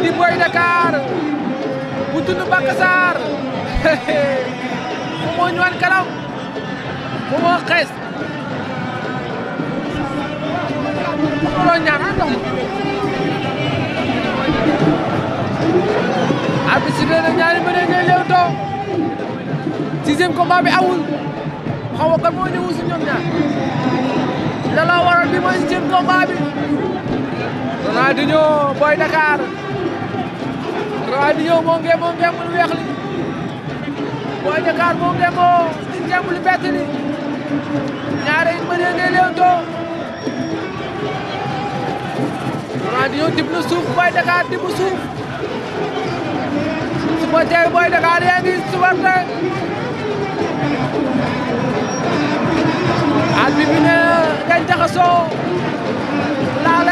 kii di Boy Dakar bu tudd Bakassar moom moo ñëwaat kanam moom moo xees moom moo ñaan ndox arbitre si benn ñaari mbër ngay léewtoo sixième bi awul xaw ma kan moo ñëwul si ñoom ñaar waral bi mooy sixième combat bi Ronaldinho Boy Dakar waaye di ñëw moo ngi moo ngi moo ngi moo ngi lu bett li ñaare it mënee ngay leewtoo waaye di ñëw dib na suuf Boy Dakar dib na suuf supporter Boy Dakar yaa ngi supporter al bi bi ne ngay jaxasoo laa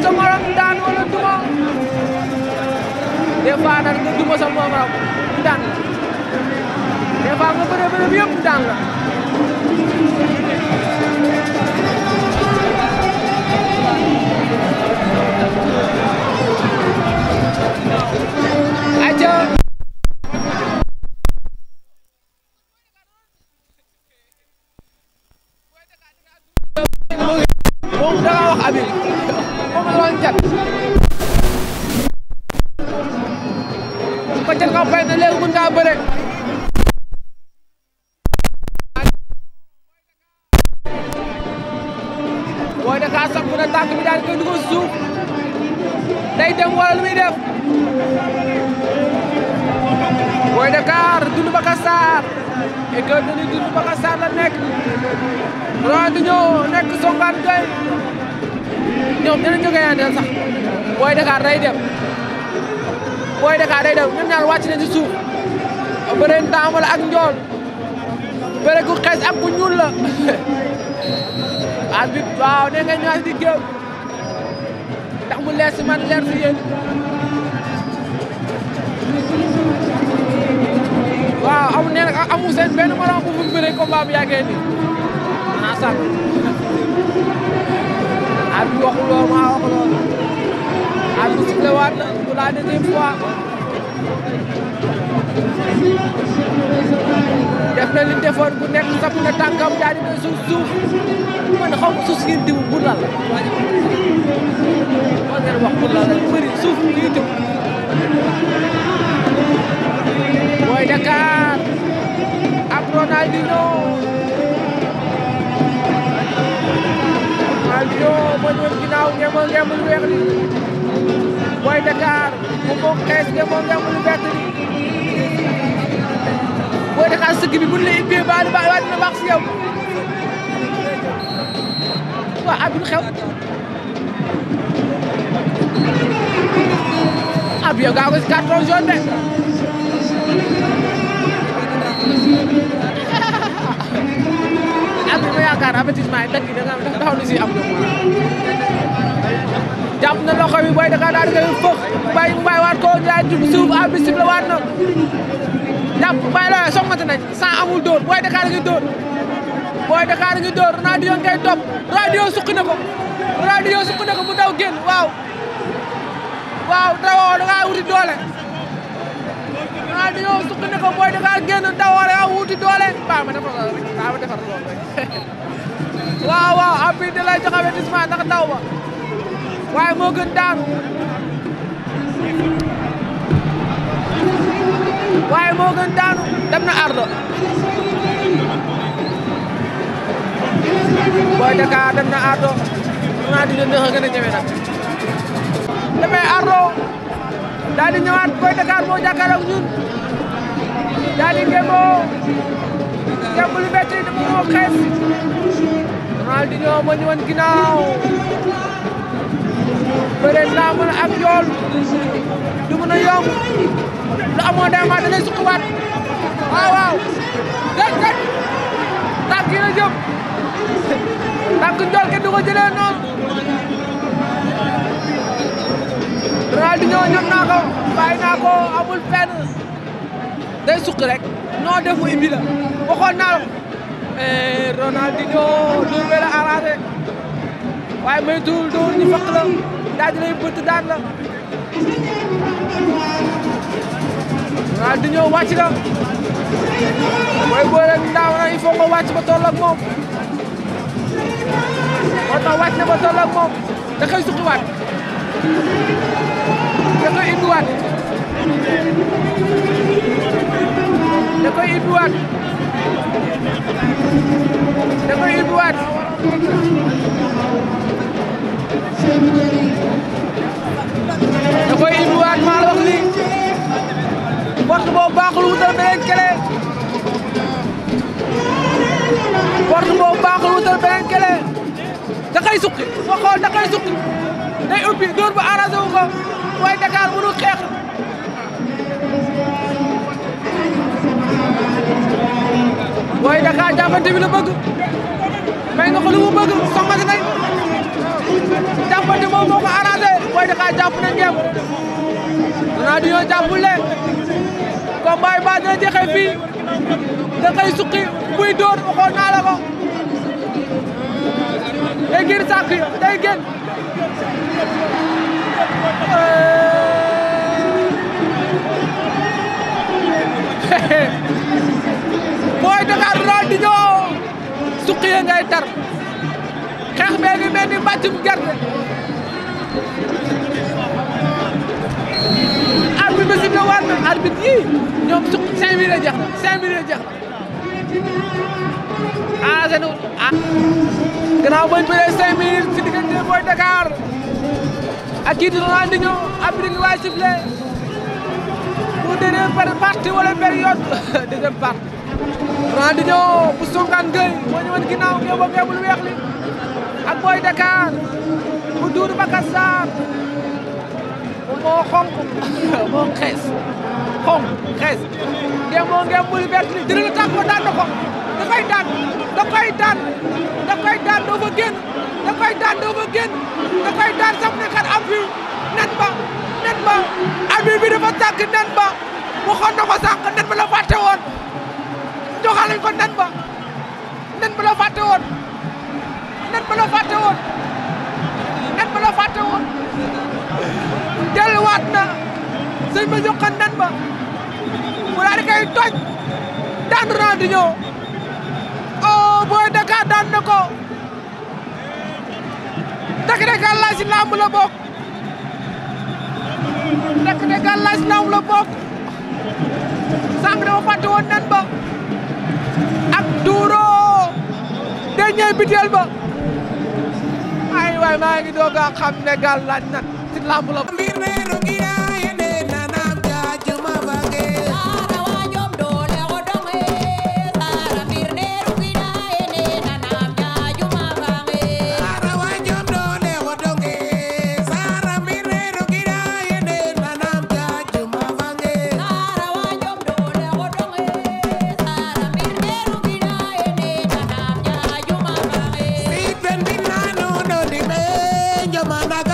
sa morom daan wala duma des fois nag nga sa morom daan des fois nga bëre bëre bi yëpp cat ko cat ko fay na léegi mën ngaa bëre Boy Dakar soppi na tànk bi daal di koy dugal suuf day dem wala lu muy def Boy Dakar dund ba Kassar école de lutte dund ba Kassar la nekk Ronaldinho nekk Songane Gueye ñoom dinañ ko gëyaandeel sax booy Dakar day dem booy Dakar day dem ñun ñaar wàcc ci suuf bëre Ndambala ak Njool bëre ku xees ak ku ñuul la as bi nee nga ñaar di géew ndax mu man leer si waaw amu nee amu seen benn morom bu mu bëre combat bi yàggee nii xanaa waxu lool maa wax lool ak bu sifflé waat na pour la deuxième def na li defoon ku nekk sapp na tànkam daal di suuf suuf man xaw suuf si ngeen bu lal wax bu lal rek bëri suuf bi Boy Dakar mu bokk xees nga moom mu bett Boy Dakar sëgg bi mun la ubbee baal baal waat na waa abul xew ab yow gaa si carton jaune de ab bi ma yaakaar avertissement yi dagg yi si am jàpp na loxo bi Boy Dakar daal di koy fëx Baye Mbaye waat ko daal di suuf waat na jàpp Baye Lawé songante nañ sans amul dóor Boy ngi dóor Boy Dakar ngi dóor radio ngay ko radio suqi ko mu daw génn waaw waaw dawoo da ngaa wuti doole radio suqi na ko Boy Dakar génn dawoo da ngaa wuti doole waaw waaw appui de lay jox avertissement ndax daw ba waaye moo gën daanu waaye moo daanu dem na ardo Boy Dakar dem na ardo naa di leen neex a gën a ñëwe nag demee ardo daal di ñëwaat Boy Dakar moo jàkkaarloog ñun daal di gémoo gémb lu métti dama moo xees Ronaldinho moo ñëwoon ginnaaw bëre naa mën ak yool du mën a yomb lu amoon day maa da lay suqawaat waaw waaw déet kat tànk yi jëm tànk njool kenn du ko jëlee noonu Ronaldinho ñam naa ko bàyyi naa ko amul fenn day suq rek noo def mu indi la waxoon naa la ko eh, Ronaldinho loolu la arrangé waaye may tuul dóor ñu faq la daal di lay la waaw di ñëw wàcc la mooy boole ndaaw na il faut nga wàcc ba toll ak moom moo tax wàcc na ba toll ak moom da koy suqiwaat da koy indiwaat da koy ubbiwaat. da koy ubbiwaat maa la wax lii boobu baaxul wutal beneen kele. porte boobu baaxul wutal beneen kele. da koy suqi. boo xool da koy ubbi dóor bu arrangé wu ko waaye Dakar Boy Dakar jàppante bi bëgg may nga bëgg songati nañ jàppante moom moo ko arrangé Boy Dakar na ngeem Ronaldinho jàppule combat yi ba dina jeexee fii da koy buy dóor waxoon naa la ko day génn sàkk tar xeex bee ngi mel ni mbàccum gerte arbitre bi sifflé waat na arbitre yi ñoom su cinq minutes jeex na cinq minutes jeex na arrangé ah, na ah gannaaw bañ bëree cinq minutes si diggante Boy Dakar ak kii di Ronaldinho arbitre ngi waay sifflé pour deuxième partie wala période deuxième partie Ronaldinho bu Songane Gueye moo ñëwoon ginnaaw ngeen ngeen bul weex li ak Boy Dakar bu Doudou Baka Sarr moo xonk moo xees xonk xees daan na ko da koy daan da koy daan da koy daan am fi nen ba nen ba abi bi dafa tàgg nen ba waxoon na ko sànq nen ba la fàtte woon joxalañ ko nen ba nen ba la fàtte woon nen ba la fàtte woon nen ba la fàtte woon delluwaat na sëñ ba jox ko nen ba mu daal di koy toj daan Ronaldinho oh booy Dakar daan na ko dakk de gàllaaj si làmb la bokk dakk de gàllaaj si làmb la bokk biteel ba ay waay maa ngi doog a xam ne gàllaaj na ci làmb la Yamanaga